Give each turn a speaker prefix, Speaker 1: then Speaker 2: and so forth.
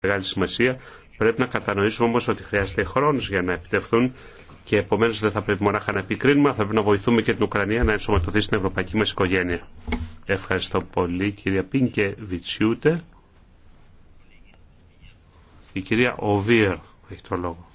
Speaker 1: μεγάλη σημασία. Πρέπει να κατανοήσουμε όμω ότι χρειάζεται χρόνο για να επιτευχθούν και επομένω δεν θα πρέπει μονάχα να επικρίνουμε, θα πρέπει να βοηθούμε και την Ουκρανία να ενσωματωθεί στην ευρωπαϊκή μα οικογένεια. Ευχαριστώ πολύ κυρία Πίνκε Βιτσιούτε. Η κυρία Οβίερ έχει το λόγο.